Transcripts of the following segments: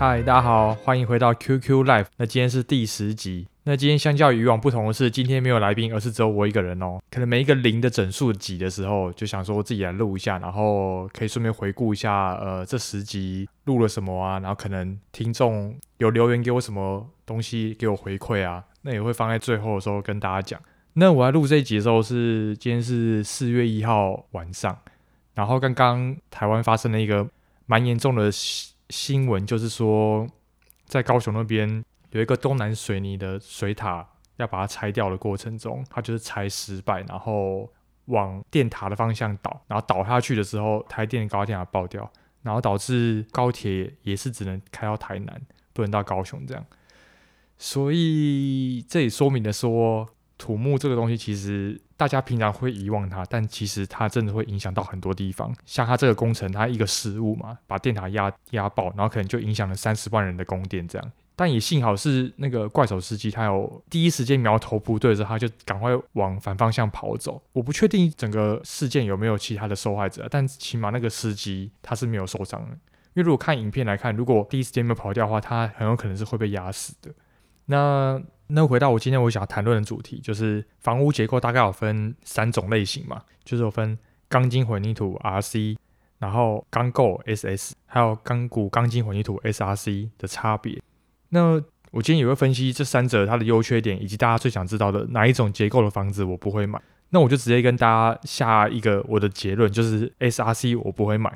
嗨，大家好，歡迎回到 QQ Live。那今天是第十集。那今天相較於以往不同的是，今天沒有來賓，而是只有我一個人哦。可能每一個零的整數集的時候，就想說我自己來錄一下，然後可以順便回顧一下，呃，這十集錄了什麼啊？然後可能聽眾有留言給我什麼東西給我回饋啊？那也會放在最後的時候跟大家講。那我在錄這一集的時候是今天是四月一號晚上，然後剛剛台灣發生了一個蠻嚴重的。新聞就是說，在高雄那邊有一個東南水泥的水塔，要把它拆掉的過程中，它就是拆失敗，然後往電塔的方向倒，然後倒下去的時候，台電的高壓電塔爆掉，然後導致高鐵也是只能開到台南，不能到高雄這樣。所以這也說明了說。土木這個東西，其實大家平常會遺忘它，但其實它真的會影響到很多地方。像它這個工程，它一個失誤嘛，把電塔壓壓爆，然後可能就影響了三十萬人的供電這樣。但也幸好是那個怪手司機，他有第一時間苗頭不對的時候，他就趕快往反方向跑走。我不確定整個事件有沒有其他的受害者，但起碼那個司機他是沒有受傷的。因為如果看影片來看，如果第一時間沒有跑掉的話，他很有可能是會被壓死的。那。那回到我今天我想要談論的主題，就是房屋結構大概有分三種類型嘛，就是有分鋼筋混凝土 RC，然後鋼構 SS，還有鋼骨鋼筋混凝土 SRC 的差別。那我今天也會分析這三者它的優缺點，以及大家最想知道的哪一種結構的房子我不會買。那我就直接跟大家下一個我的結論，就是 SRC 我不會買。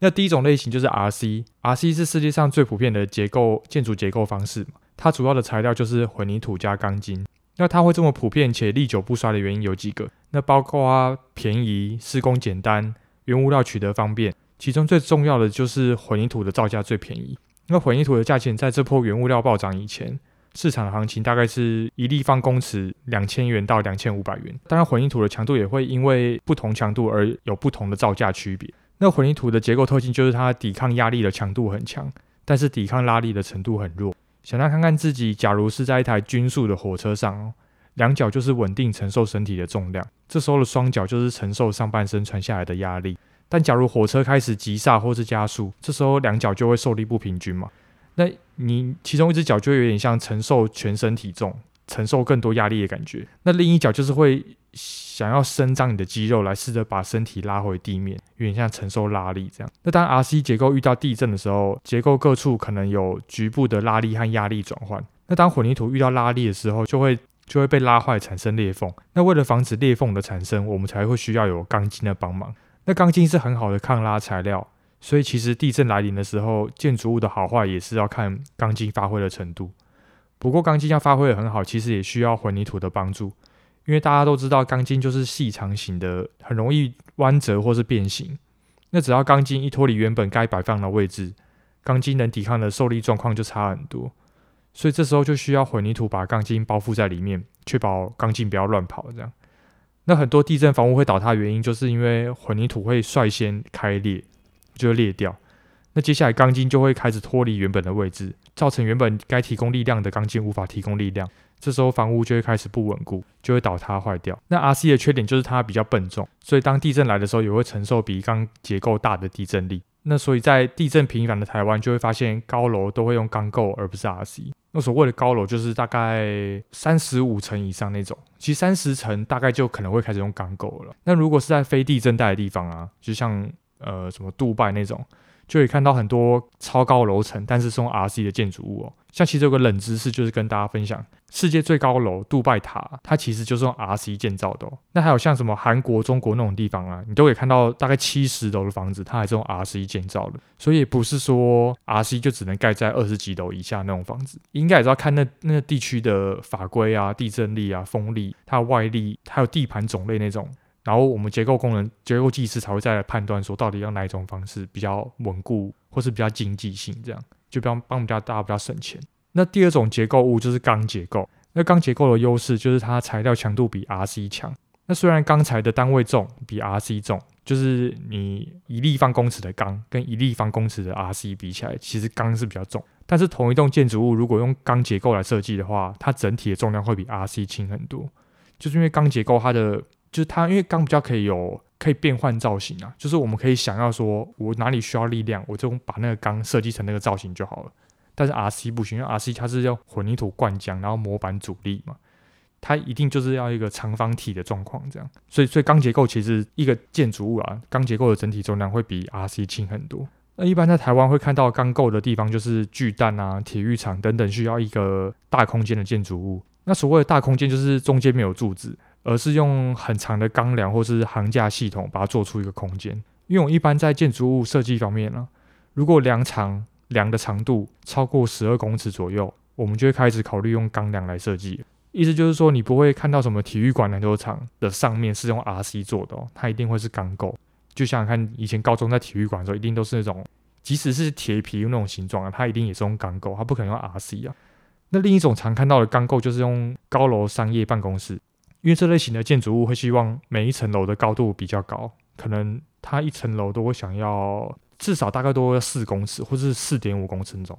那第一種類型就是 RC，RC 是世界上最普遍的結構建築結構方式嘛。它主要的材料就是混凝土加鋼筋。那它會這麼普遍且歷久不衰的原因有幾個？那包括啊，便宜、施工簡單、原物料取得方便。其中最重要的就是混凝土的造價最便宜。那混凝土的價錢在這波原物料暴漲以前，市場行情大概是一立方公尺兩千元到兩千五百元。當然，混凝土的強度也會因為不同強度而有不同的造價區別。那混凝土的結構特性就是它抵抗壓力的強度很強，但是抵抗拉力的程度很弱。想像看看自己，假如是在一台均速的火車上，兩腳就是穩定承受身體的重量，這時候的雙腳就是承受上半身傳下來的壓力。但假如火車開始急剎或是加速，這時候兩腳就會受力不平均嘛，那你其中一只腳就會有點像承受全身體重，承受更多壓力的感覺，那另一腳就是會想要伸張你的肌肉來試着把身體拉回地面，有點像承受拉力這樣。那當 RC 結構遇到地震的時候，結構各處可能有局部的拉力和壓力轉換。那當混凝土遇到拉力的時候，就會就會被拉壞，產生裂縫。那為了防止裂縫的產生，我們才會需要有鋼筋的幫忙。那鋼筋是很好的抗拉材料，所以其實地震來臨的時候，建築物的好壞也是要看鋼筋發揮的程度。不過，鋼筋要發揮得很好，其實也需要混凝土的幫助。因為大家都知道，鋼筋就是細長型的，很容易彎折或是變形。那只要鋼筋一脫離原本該擺放的位置，鋼筋能抵抗的受力狀況就差很多。所以這時候就需要混凝土把鋼筋包覆在裡面，確保鋼筋不要亂跑。這樣，那很多地震房屋會倒塌的原因，就是因為混凝土會率先開裂，就會裂掉。那接下來鋼筋就會開始脫離原本的位置。造成原本該提供力量的鋼筋無法提供力量，這時候房屋就會開始不穩固，就會倒塌壞掉。那 RC 的缺點就是它比較笨重，所以當地震來的時候也會承受比鋼結構大的地震力。那所以在地震頻繁的台灣，就會發現高樓都會用鋼構而不是 RC。那所謂的高樓就是大概三十五層以上那種，其實三十層大概就可能會開始用鋼構了。那如果是在非地震帶的地方啊，就像呃什麼杜拜那種。就可以看到很多超高樓層，但是是用 RC 的建築物哦喔。像其實有個冷知識，就是跟大家分享，世界最高樓杜拜塔，它其實就是用 RC 建造的喔。那還有像什麼韓國、中國那種地方啊，你都可以看到大概七十樓的房子，它還是用 RC 建造的。所以不是說 RC 就只能蓋在二十幾樓以下那種房子，應該也是要看那那地區的法規啊、地震力啊、風力、它的外力，還有地盤種類那種。然後我們結構工人、結構技師才會再來判斷說，到底用哪一種方式比較穩固，或是比較經濟性，這樣就比幫幫我們家大家比較省錢。那第二種結構物就是鋼結構。那鋼結構的優勢就是它材料強度比 RC 強。那雖然鋼材的單位重比 RC 重，就是你一立方公尺的鋼跟一立方公尺的 RC 比起來，其實鋼是比較重。但是同一棟建築物如果用鋼結構來設計的話，它整體的重量會比 RC 輕很多，就是因為鋼結構它的。就是它，因為鋼比較可以有可以變換造型啊，就是我們可以想要說我哪裡需要力量，我就把那個鋼設計成那個造型就好了。但是 RC 不行，因為 RC 它是要混凝土灌漿，然後模板阻力嘛，它一定就是要一個長方體的狀況這樣。所以，所以鋼結構其實一個建築物啊，鋼結構的整體重量會比 RC 輕很多。那一般在台灣會看到鋼構的地方，就是巨蛋啊、體育場等等需要一個大空間的建築物。那所謂的大空間，就是中間沒有柱子。而是用很長的鋼梁或是桁架系統把它做出一個空間。因為我一般在建築物設計方面呢，啊，如果梁長梁的長度超過十二公尺左右，我們就會開始考慮用鋼梁來設計。意思就是說，你不會看到什麼體育館、籃球場的上面是用 RC 做的，哦，它一定會是鋼構。就想想看，以前高中在體育館的時候，一定都是那種，即使是鐵皮那種形狀啊，它一定也是用鋼構，它不可能用 RC 啊。那另一種常看到的鋼構就是用高樓商業辦公室。因為這類型的建築物會希望每一層樓的高度比較高，可能它一層樓都會想要至少大概都要四公尺，或者是四點五公尺那種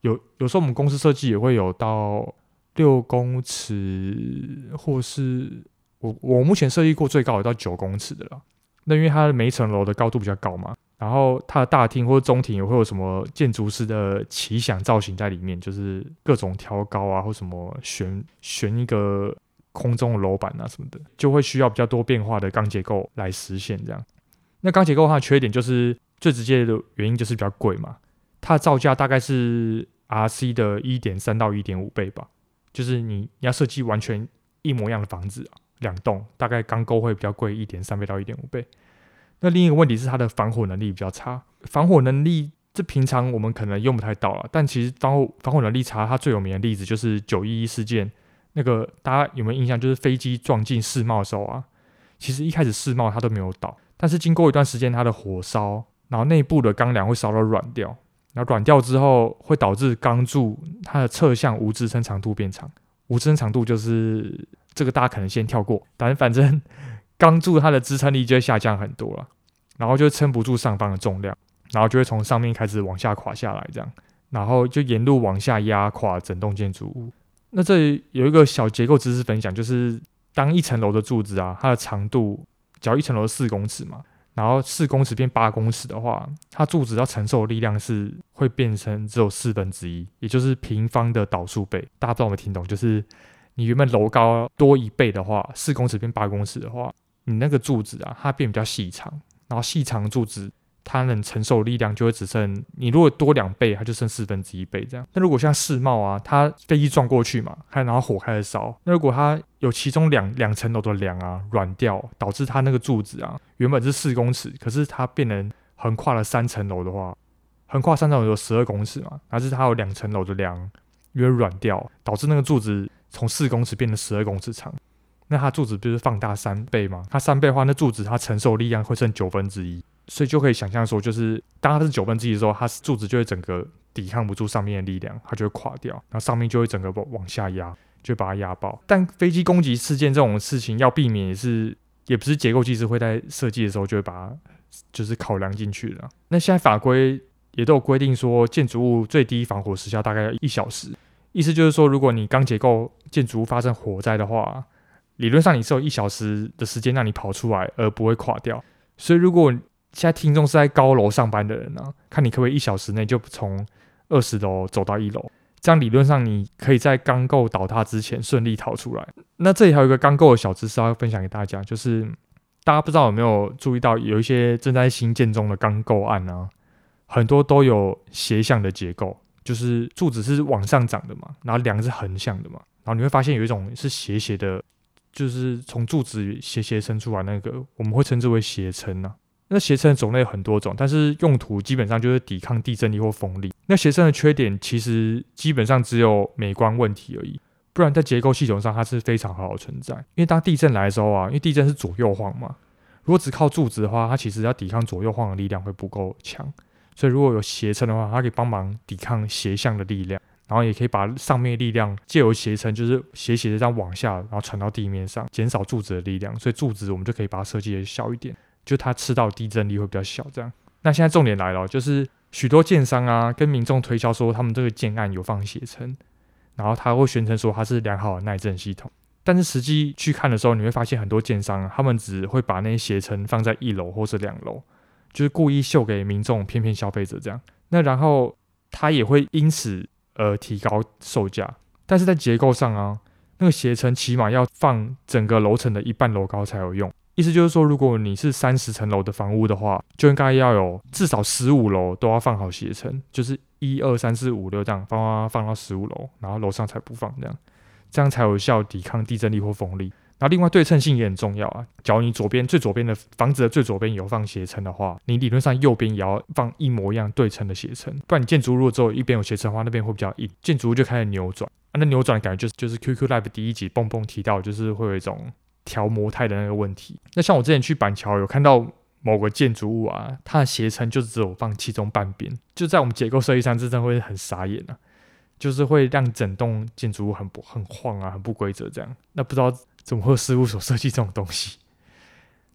有。有有時候我們公司設計也會有到六公尺，或是我我目前設計過最高有到九公尺的了。那因為它每一層樓的高度比較高嘛，然後它的大廳或者中庭也會有什麼建築師的奇想造型在裡面，就是各種挑高啊，或什麼懸懸一個。空中樓板啊什麼的，就會需要比較多變化的鋼結構來實現這樣。那鋼結構它的缺點就是最直接的原因就是比較貴嘛。它的造價大概是 RC 的一點三到一點五倍吧，就是你要設計完全一模一樣的房子兩棟，大概鋼構會比較貴一點三倍到一點五倍。那另一個問題是它的防火能力比較差，防火能力這平常我們可能用不太到了，但其實防火防火能力差，它最有名的例子就是九一一事件。那個大家有沒有印象？就是飛機撞進世貿的時候啊，其實一開始世貿它都沒有倒，但是經過一段時間，它的火燒，然後內部的鋼梁會燒到軟掉，然後軟掉之後會導致鋼柱它的側向無支撐長度變長，無支撐長度就是這個大家可能先跳過，但反正鋼柱它的支撐力就會下降很多了，然後就撐不住上方的重量，然後就會從上面開始往下垮下來，這樣，然後就沿路往下壓垮整棟建築物。那這裡有一個小結構知識分享，就是當一層樓的柱子啊，它的長度假如一層樓是四公尺嘛，然後四公尺變八公尺的話，它柱子要承受的力量是會變成只有四分之一，也就是平方的倒數倍。大家不知道有沒有聽懂？就是你原本樓高多一倍的話，四公尺變八公尺的話，你那個柱子啊，它變比較細長，然後細長的柱子。它能承受力量就會只剩你。如果多兩倍，它就剩四分之一倍這樣。那如果像世貿啊，它飛機撞過去嘛，還然後火開始燒。那如果它有其中兩兩層樓的梁啊軟掉，導致它那個柱子啊原本是四公尺，可是它變成橫跨了三層樓的話，橫跨三層樓有十二公尺嘛。那是它有兩層樓的梁因為軟掉，導致那個柱子從四公尺變成十二公尺長。那它柱子不是放大三倍嗎？它三倍的話，那柱子它承受力量會剩九分之一。所以就可以想象說，就是當它是九分之一的時候，它柱子就會整個抵抗不住上面的力量，它就會垮掉，然後上面就會整個往往下壓，就把它壓爆。但飛機攻擊事件這種事情要避免也是，是也不是結構技師會在設計的時候就會把它就是考量進去的。那現在法規也都有規定說，建築物最低防火時效大概要一小時，意思就是說，如果你鋼結構建築物發生火災的話，理論上你是有一小時的時間讓你跑出來而不會垮掉。所以如果現在聽眾是在高樓上班的人呢、啊，看你可不可以一小時內就從二十樓走到一樓，這樣理論上你可以在鋼構倒塌之前順利逃出來。那這裡還有一個鋼構的小知識要分享給大家，就是大家不知道有沒有注意到，有一些正在新建中的鋼構案呢、啊，很多都有斜向的結構，就是柱子是往上長的嘛，然後樑是橫向的嘛，然後你會發現有一種是斜斜的，就是從柱子斜斜伸出來那個，我們會稱之為斜撐啊。那斜撐的種類很多種，但是用途基本上就是抵抗地震力或風力。那斜撐的缺點其實基本上只有美觀問題而已，不然在結構系統上它是非常好的存在。因為當地震來的時候啊，因為地震是左右晃嘛，如果只靠柱子的話，它其實要抵抗左右晃的力量會不夠強，所以如果有斜撐的話，它可以幫忙抵抗斜向的力量，然後也可以把上面的力量借由斜撐，就是斜斜的這樣往下，然後傳到地面上，減少柱子的力量，所以柱子我們就可以把它設計的小一點。就它吃到地震力會比較小，這樣。那現在重點來了，就是許多建商啊，跟民眾推銷說他們這個建案有放斜撐，然後他會宣稱說它是良好的耐震系統。但是實際去看的時候，你會發現很多建商他們只會把那些斜撐放在一樓或是兩樓，就是故意秀給民眾騙騙消費者這樣。那然後他也會因此而提高售價，但是在結構上啊，那個斜撐起碼要放整個樓層的一半樓高才有用。意思就是說，如果你是三十層樓的房屋的話，就應該要有至少十五樓都要放好斜撐。就是一二三四五六這樣，放放到十五樓，然後樓上才不放這樣，這樣才有效抵抗地震力或風力。然後另外對稱性也很重要啊。假如你左邊最左邊的房子的最左邊有放斜撐的話，你理論上右邊也要放一模一樣對稱的斜撐。不然你建築物如果只有一邊有斜撐的話，那邊會比較硬，建築物就開始扭轉、啊。那扭轉的感覺就是就是 QQ Live 第一集蹦蹦提到，就是會有一種。調模態的那個問題，那像我之前去板橋有看到某個建築物啊，它的斜撐就只有放其中半邊，就在我們結構設計上，這真會很傻眼啊，就是會讓整棟建築物很不很晃啊，很不規則這樣。那不知道怎麼會有事務所設計這種東西？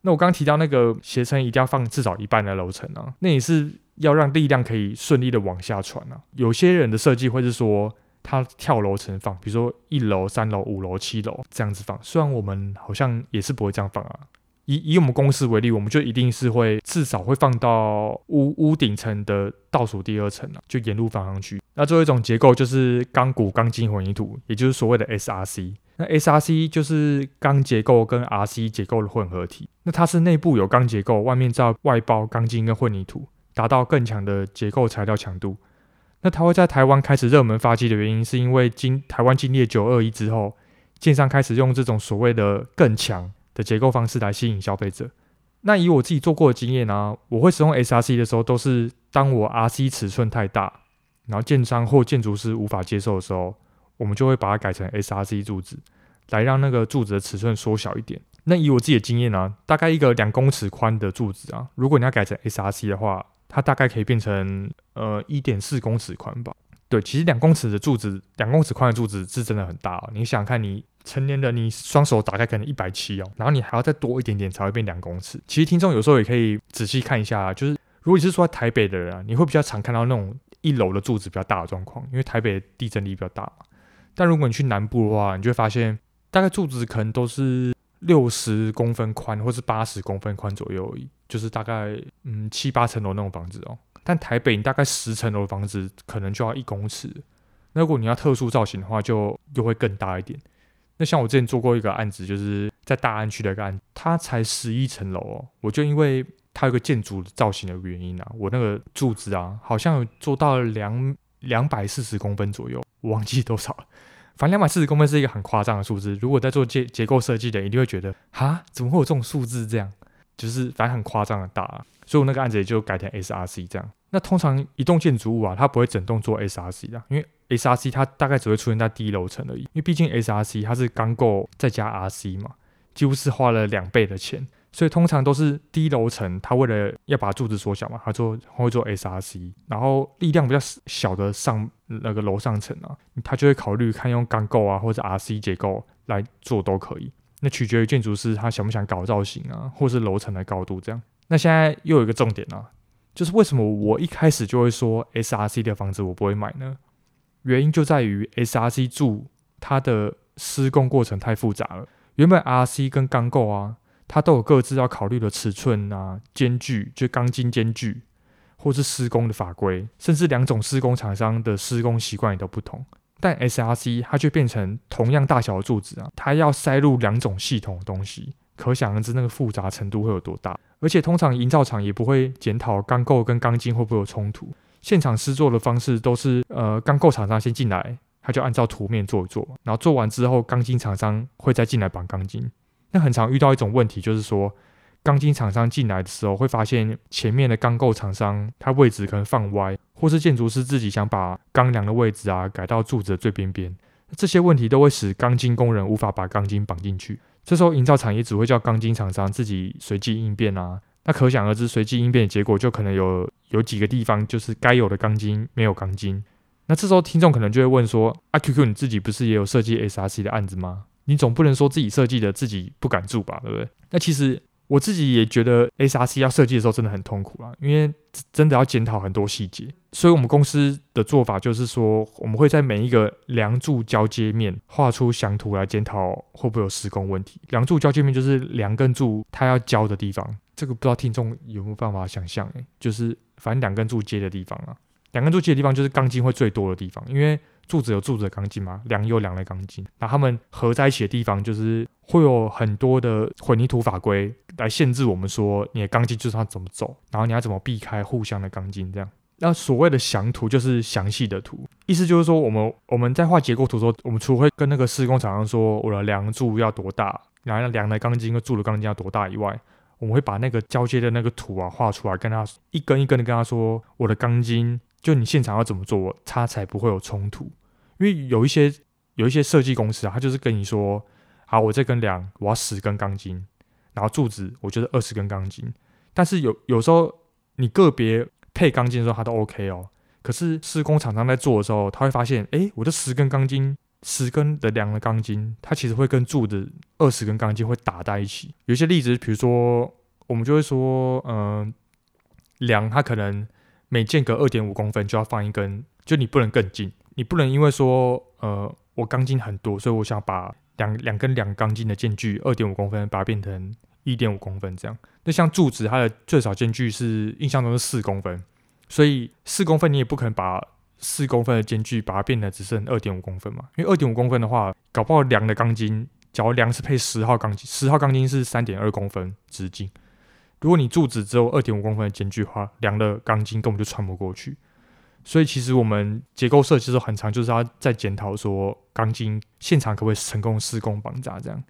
那我剛提到那個斜撐一定要放至少一半的樓層啊，那也是要讓力量可以順利的往下傳啊。有些人的設計會是說。它跳樓層放，比如說一樓、三樓、五樓、七樓這樣子放。雖然我們好像也是不會這樣放啊。以以我們公司為例，我們就一定是會至少會放到屋屋頂層的倒數第二層啊，就沿路放上去。那最後一種結構就是鋼骨鋼筋混凝土，也就是所謂的 SRC。那 SRC 就是鋼結構跟 RC 結構的混合體。那它是內部有鋼結構，外面再外包鋼筋跟混凝土，達到更強的結構材料強度。那它會在台灣開始熱門發跡的原因，是因為經台台灣經歷了九二一之後，建商開始用這種所謂的更強的結構方式來吸引消費者。那以我自己做過的經驗呢，我會使用 SRC 的時候，都是當我 RC 尺寸太大，然後建商或建築師無法接受的時候，我們就會把它改成 SRC 柱子，來讓那個柱子的尺寸縮小一點。那以我自己的經驗呢，大概一個兩公尺寬的柱子啊，如果你要改成 SRC 的話，它大概可以變成呃一點四公尺寬吧。對，其實兩公尺的柱子，兩公尺寬的柱子，是真的很大哦。你想想看，你成年人，你雙手打開可能一百七哦，然後你還要再多一點點才會變兩公尺。其實聽眾有時候也可以仔細看一下，就是如果你是住在台北的人啊，你會比較常看到那種一樓的柱子比較大的狀況，因為台北的地震力比較大嘛。但如果你去南部的話，你就會發現大概柱子可能都是。六十公分寬，或是八十公分寬左右，就是大概嗯七八層樓那種房子哦。但台北你大概十層樓的房子可能就要一公尺。那如果你要特殊造型的話，就又會更大一點。那像我之前做過一個案子，就是在大安區的一個案，它才十一層樓哦，我就因為它有個建築造型的原因啊，我那個柱子啊，好像有做到兩兩百四十公分左右，我忘記多少。反正兩百四十公分是一個很誇張的數字，如果在做結結構設計的人，一定會覺得，哈，怎麼會有這種數字？這樣，就是反正很誇張的大啊，所以我那個案子也就改成 SRC 這樣。那通常一棟建築物啊，它不會整棟做 SRC 啦，因為 SRC 它大概只會出現在低樓層而已，因為畢竟 SRC 它是鋼構再加 RC 嘛，幾乎是花了兩倍的錢，所以通常都是低樓層，它為了要把柱子縮小嘛，它做它會做 SRC，然後力量比較小的上，那個樓上層啊，他就會考慮看用鋼構啊，或者 RC 結構來做都可以。那取決於建築師他想不想搞造型啊，或是樓層的高度這樣。那現在又有一個重點啊，就是為什麼我一開始就會說 SRC 的房子我不會買呢？原因就在於 SRC 柱它的施工過程太複雜了。原本 RC 跟鋼構啊，它都有各自要考慮的尺寸啊、間距，就鋼筋間距。或是施工的法規，甚至兩種施工廠商的施工習慣也都不同，但 SRC 它卻變成同樣大小的柱子啊，它要塞入兩種系統的東西，可想而知那個複雜程度會有多大。而且通常營造廠也不會檢討鋼構跟鋼筋會不會有衝突，現場施作的方式都是呃鋼構廠商先進來，他就按照圖面做一做，然後做完之後鋼筋廠商會再進來綁鋼筋。那很常遇到一種問題就是說，鋼筋廠商進來的時候，會發現前面的鋼構廠商，它位置可能放歪，或是建築師自己想把鋼梁的位置啊改到柱子的最邊邊，這些問題都會使鋼筋工人無法把鋼筋綁進去。這時候，營造廠也只會叫鋼筋廠商自己隨機應變啊。那可想而知，隨機應變的結果就可能有有幾個地方就是該有的鋼筋沒有鋼筋。那這時候，聽眾可能就會問說：“啊 QQ 你自己不是也有設計 SRC 的案子嗎？你總不能說自己設計的自己不敢住吧，對不對？”那其實。我自己也覺得，SRC 要設計的時候真的很痛苦啊，因為真的要檢討很多細節。所以我們公司的做法就是說，我們會在每一個梁柱交接面畫出詳圖來檢討會不會有施工問題。梁柱交接面就是梁跟柱它要交的地方，這個不知道聽眾有沒有辦法想象、欸，就是反正梁跟柱接的地方啊，梁跟柱接的地方就是鋼筋會最多的地方，因為。柱子有柱子的鋼筋嗎，梁有梁的鋼筋。那他們合在一起的地方，就是會有很多的混凝土法規來限制我們說你的鋼筋就是要怎麼走，然後你要怎麼避開互相的鋼筋這樣。那所謂的詳圖就是詳細的圖，意思就是說我們我們在畫結構圖的時候，我們除了會跟那個施工廠商說我的梁柱要多大，然後梁的鋼筋和柱的鋼筋要多大以外，我們會把那個交接的那個圖啊畫出來，跟他一根一根的跟他說我的鋼筋。就你現場要怎麼做，它才不會有衝突？因為有一些有一些設計公司啊，他就是跟你說，好、啊，我這根梁我要十根鋼筋，然後柱子我覺得二十根鋼筋。但是有有時候你個別配鋼筋的時候，它都 OK 哦。可是施工廠商在做的時候，他會發現，誒、欸，我這十根鋼筋，十根的梁的鋼筋，它其實會跟柱子二十根鋼筋會打在一起。有些例子，比如說我們就會說，嗯、呃，梁它可能。每間隔二點五公分就要放一根，就你不能更近，你不能因為說，呃，我鋼筋很多，所以我想把兩兩根兩鋼筋的間距二點五公分，把它變成一點五公分這樣。那像柱子，它的最少間距是印象中是四公分，所以四公分你也不可能把四公分的間距把它變得只剩二點五公分嘛，因為二點五公分的話，搞不好梁的鋼筋，假如梁是配十號鋼筋，十號鋼筋是三點二公分直徑。如果你柱子只有二點五公分的間距的話梁的鋼筋根本就穿不過去。所以其實我們結構設計的時候很常，就是要在檢討說鋼筋現場可不可以成功施工綁扎這樣。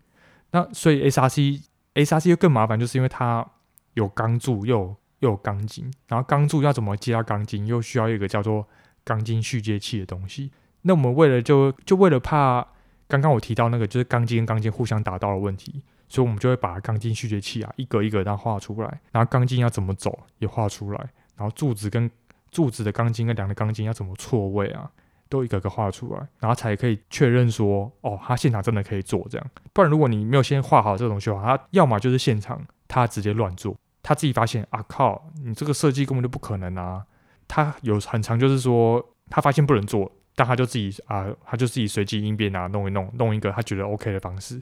那所以 SRC SRC 又更麻煩，就是因為它有鋼柱又有又有鋼筋，然後鋼柱要怎麼接到鋼筋，又需要一個叫做鋼筋續接器的東西。那我們為了就就為了怕剛剛我提到那個，就是鋼筋跟鋼筋互相打到的問題。所以，我們就會把鋼筋續接器啊，一格一格，然後畫出來，然後鋼筋要怎麼走也畫出來，然後柱子跟柱子的鋼筋跟梁的鋼筋要怎麼錯位啊，都一個個畫出來，然後才可以確認說，哦，他現場真的可以做這樣。不然，如果你沒有先畫好這種圖，他要麼就是現場他直接亂做，他自己發現啊靠，你這個設計根本就不可能啊。他有很常就是說，他發現不能做，但他就自己啊，他就自己隨機應變啊，弄一弄，弄一個他覺得 OK 的方式。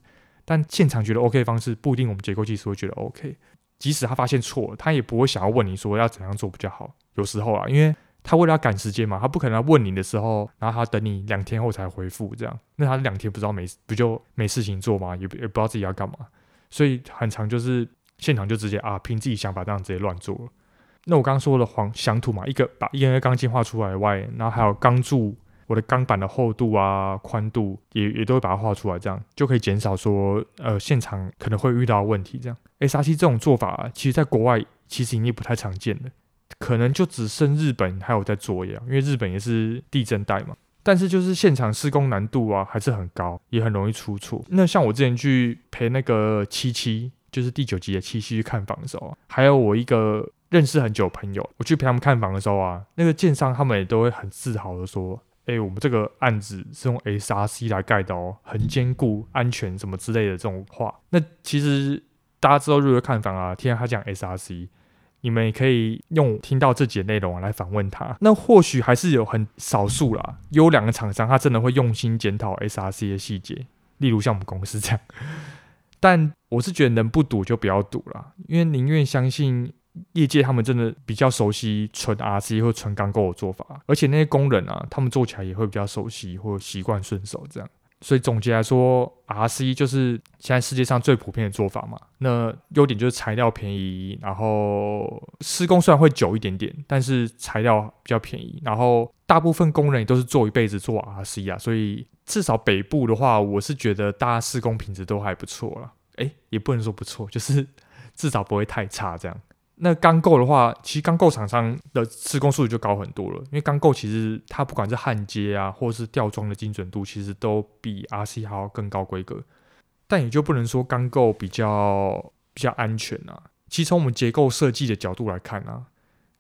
但現場覺得 OK 的方式不一定，我們結構技師會覺得 OK。即使他發現錯了，他也不會想要問你說要怎樣做比較好。有時候啊，因為他為了要趕時間嘛，他不可能要問你的時候，然後他等你兩天後才回復，這樣那他兩天不知道沒不就沒事情做嘛，也也不知道自己要幹嘛。所以很常就是現場就直接啊，憑自己想法這樣直接亂做了。那我剛剛說的黃詳圖嘛，一個把 E N A 鋼筋畫出來外，然後還有鋼柱。我的鋼板的厚度啊、寬度也也都會把它畫出來，這樣就可以減少說呃現場可能會遇到的問題。這樣 SRC 這種做法、啊，其實在國外其實已經不太常見的，可能就只剩日本還有在做一樣，因為日本也是地震帶嘛。但是就是現場施工難度啊還是很高，也很容易出錯。那像我之前去陪那個七七，就是第九集的七七去看房的時候、啊，還有我一個認識很久的朋友，我去陪他們看房的時候啊，那個建商他們也都會很自豪的說。誒、欸，我們這個案子是用 SRC 來蓋的哦，很堅固、安全什麼之類的這種話。那其實大家知道瑞瑞看房啊，聽他講 SRC，你們也可以用聽到這節內容啊來反問他。那或許還是有很少數啦，有兩個廠商他真的會用心檢討 SRC 的細節，例如像我們公司這樣。但我是覺得能不賭就不要賭了，因為寧願相信。業界他們真的比較熟悉純 RC 或純鋼構的做法，而且那些工人啊，他們做起來也會比較熟悉或習慣順手這樣。所以總結來說，RC 就是現在世界上最普遍的做法嘛。那優點就是材料便宜，然後施工雖然會久一點點，但是材料比較便宜，然後大部分工人也都是做一輩子做 RC 啊。所以至少北部的話，我是覺得大家施工品質都還不錯啦。誒，也不能說不錯，就是至少不會太差這樣。那鋼構的話，其實鋼構廠商的施工速度就高很多了，因為鋼構其實它不管是焊接啊，或者是吊裝的精準度，其實都比 RC 還要更高規格。但也就不能說鋼構比較比較安全啊，其實從我們結構設計的角度來看啊，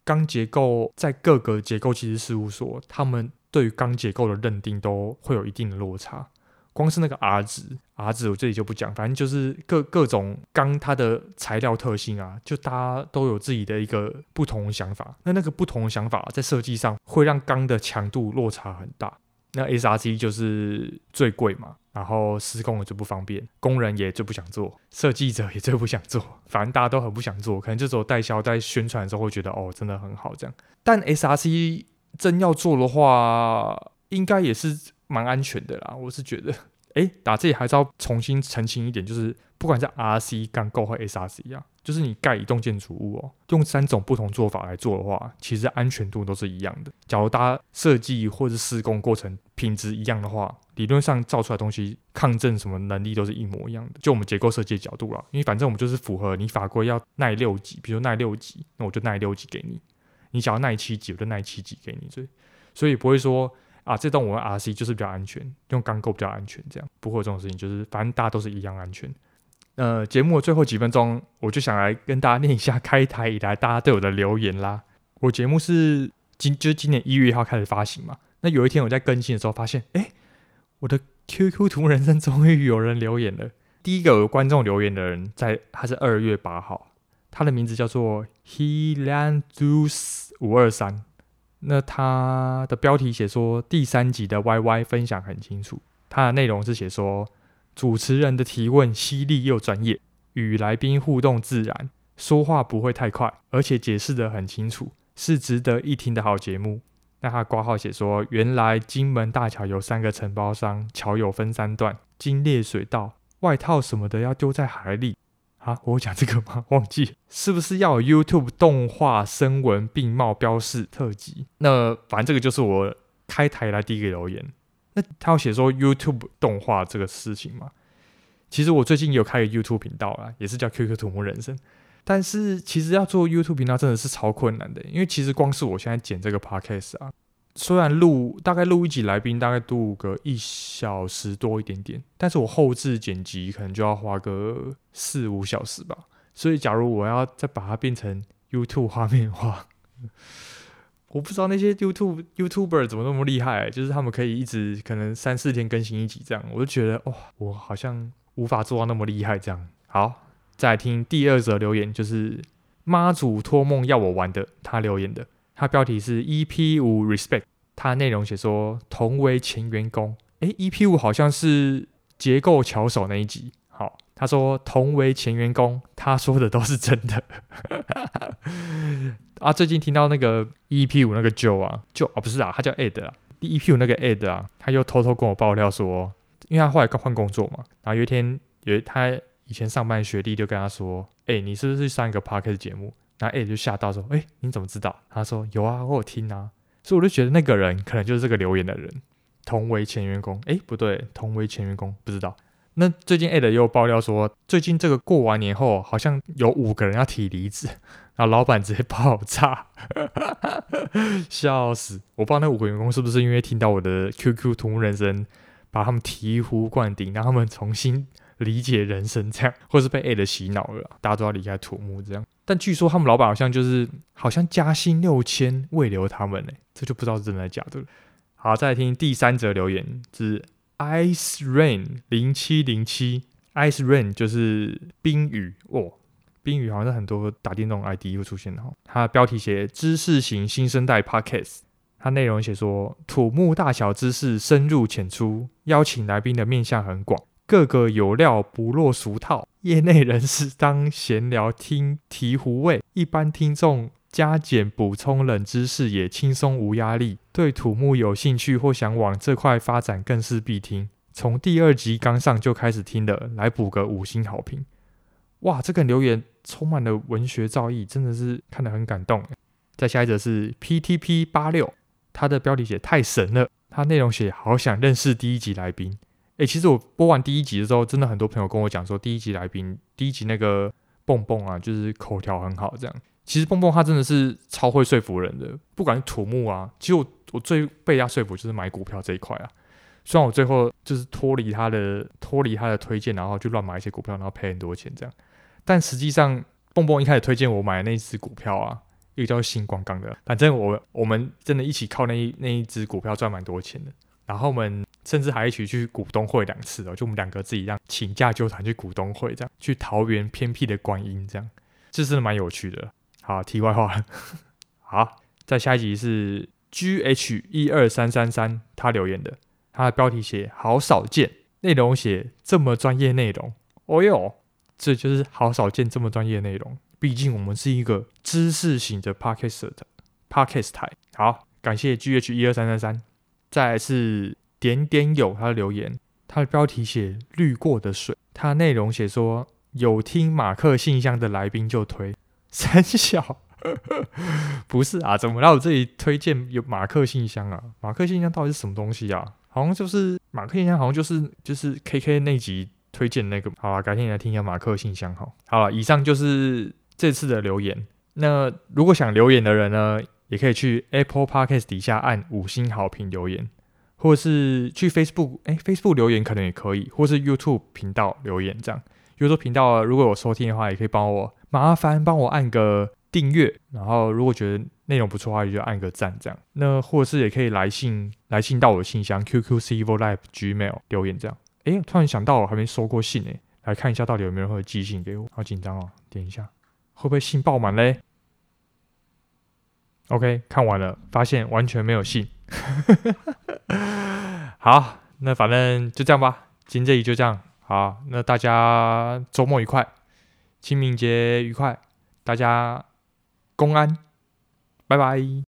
鋼結構在各個結構其實事務所，他們對於鋼結構的認定都會有一定的落差。光是那個 R 值，R 值我這裡就不講，反正就是各各種鋼它的材料特性啊，就大家都有自己的一個不同的想法。那那個不同的想法在設計上會讓鋼的強度落差很大。那 SRC 就是最貴嘛，然後施工也最不方便，工人也最不想做，設計者也最不想做，反正大家都很不想做。可能就只有代銷在宣傳的時候會覺得哦，真的很好這樣。但 SRC 真要做的話，應該也是。蠻安全的啦，我是覺得，誒，打這裡還是要重新澄清一點，就是不管是 RC 鋼構或 SRC 啊，就是你蓋一棟建築物哦、喔，用三種不同做法來做的話，其實安全度都是一樣的。假如大家設計或是施工過程品質一樣的話，理論上造出來的東西抗震什麼能力都是一模一樣的。就我們結構設計的角度啦，因為反正我們就是符合你法規要耐六級，比如耐六級，那我就耐六級給你；你想要耐七級，我就耐七級給你，所以所以不會說。啊，這棟我用 RC 就是比較安全，用鋼構比較安全這樣。不過這種事情就是，反正大家都是一樣安全。呃，節目的最後幾分鐘，我就想來跟大家念一下開台以來大家對我的留言啦。我節目是今就是今年一月一號開始發行嘛。那有一天我在更新的時候發現，哎，我的 QQ 土木人生終於有人留言了。第一個有觀眾留言的人在，他是二月八號，他的名字叫做 He Landus 五二三。那他的標題寫說第三集的 YY 分享很清楚，他的內容是寫說，主持人的提問犀利又專業，與來賓互動自然，說話不會太快，而且解釋得很清楚，是值得一聽的好節目。那他括號寫說，原來金門大橋有三個承包商，橋有分三段，金烈水道外套什麼的要丟在海裡。啊，我有講這個嗎？忘記是不是要有 YouTube 動畫聲文並茂標示特輯？那反正這個就是我開台來第一個留言。那他要寫說 YouTube 動畫這個事情嘛？其實我最近有開 YouTube 頻道啦、啊，也是叫 QQ 土木人生。但是其實要做 YouTube 頻道真的是超困難的、欸，因為其實光是我現在剪這個 Podcast 啊。雖然錄大概錄一集來賓，大概錄個一小時多一點點，但是我後製剪輯可能就要花個四五小時吧。所以假如我要再把它變成 YouTube 畫面的話，我不知道那些 YouTube YouTuber 怎麼那麼厲害、欸，就是他們可以一直可能三四天更新一集這樣，我就覺得哇、哦，我好像無法做到那麼厲害這樣。好，再聽第二則留言，就是媽祖托夢要我玩的，他留言的，他標題是 EP 五 Respect。他內容寫說同為前員工，誒 E P 五好像是結構巧手那一集。好，他說同為前員工，他說的都是真的。 啊，最近聽到那個 E P 五那個 Joe 啊，Joe 啊不是啊，他叫 Ed 啊，E P 五那個 Ed 啊，他又偷偷跟我爆料說，因為他後來剛換工作嘛，然後有一天有一他以前上班的學弟就跟他說，誒、欸、你是不是去上一個 Podcast 節目？然後 Ed 就嚇到說，誒、欸、你怎麼知道？他說有啊，我有聽啊。所以我就覺得那個人可能就是這個留言的人，同為前員工，哎，不對，同為前員工不知道。那最近 A 的又爆料說，最近這個過完年後好像有五個人要提離職，然後老闆直接爆炸， 笑死！我不知道那五個員工是不是因為聽到我的 QQ 土木人生，把他們醍醐灌頂，讓他們重新理解人生，這樣，或是被 A 的洗腦了，大家都要離開土木這樣。但據說他們老板好像就是好像加薪六千未留他們呢，這就不知道是真的假的了。好，再來聽第三則留言之 Ice Rain 零七零七 Ice Rain 就是冰雨哦，冰雨好像是很多打電動 ID 會出現哦。它的標題寫知識型新生代 Podcast，它內容寫說土木大小知識深入淺出，邀請來賓的面向很廣。各個有料不落俗套，業內人士當閒聊聽醍醐味，一般聽眾加減補充冷知識也輕鬆無壓力。對土木有興趣或想往這塊發展更是必聽。從第二集剛上就開始聽的，來補個五星好評。哇，這個留言充滿了文學造詣，真的是看得很感動。再下一則是 PTP86，他的標題寫太神了，他內容寫，好想認識第一集來賓。誒、欸，其實我播完第一集的時候，真的很多朋友跟我講說，第一集來賓，第一集那個蹦蹦啊，就是口條很好，這樣。其實蹦蹦他真的是超會說服人的，不管是土木啊，其實我，我最被他說服就是買股票這一塊啊。雖然我最後就是脫離他的，脫離他的推薦，然後就亂買一些股票，然後賠很多錢這樣。但實際上蹦蹦一開始推薦我買的那一隻股票啊，一個叫新光鋼的、啊，反正我我們真的一起靠那一那一隻股票賺蠻多錢的。然後我們。甚至還一起去股東會兩次哦、喔，就我們兩個自己讓請假就談去股東會，這樣去桃園偏僻的觀音，這樣，這是蠻有趣的。好，題外話，好，再下一集是 G H 一二三三三他留言的，他的標題寫好少見，內容寫這麼專業內容，哦喲，這就是好少見這麼專業內容。畢竟我們是一個知識型的 Podcast 的 Podcast 台。好，感謝 G H 一二三三三，再來是點點有他的留言，他的標題寫“綠過的水”，他內容寫說有聽馬克信箱的來賓就推三小， 不是啊？怎麼讓我這裡推薦有馬克信箱啊？馬克信箱到底是什麼東西啊？好像就是馬克信箱，好像就是就是 K K 那集推薦那個。好啊，改天你來聽一下馬克信箱好。好好，以上就是這次的留言。那如果想留言的人呢，也可以去 Apple Podcast 底下按五星好評留言。或者是去 Facebook，哎，Facebook 留言可能也可以，或者是 YouTube 頻道留言這樣。YouTube 頻道如果有收聽的話，也可以幫我麻煩幫我按個訂閱，然後如果覺得內容不錯的話，也就按個讚這樣。那或者是也可以來信，來信到我的信箱 QQ civil life Gmail 留言這樣。誒，突然想到我還沒收過信哎、欸，來看一下到底有沒有人會寄信給我，好緊張哦，點一下會不會信爆滿嘞？OK，看完了，發現完全沒有信。 好，那反正就這樣吧，今天這裡就這樣。好，那大家周末愉快，清明節愉快，大家公安，拜拜。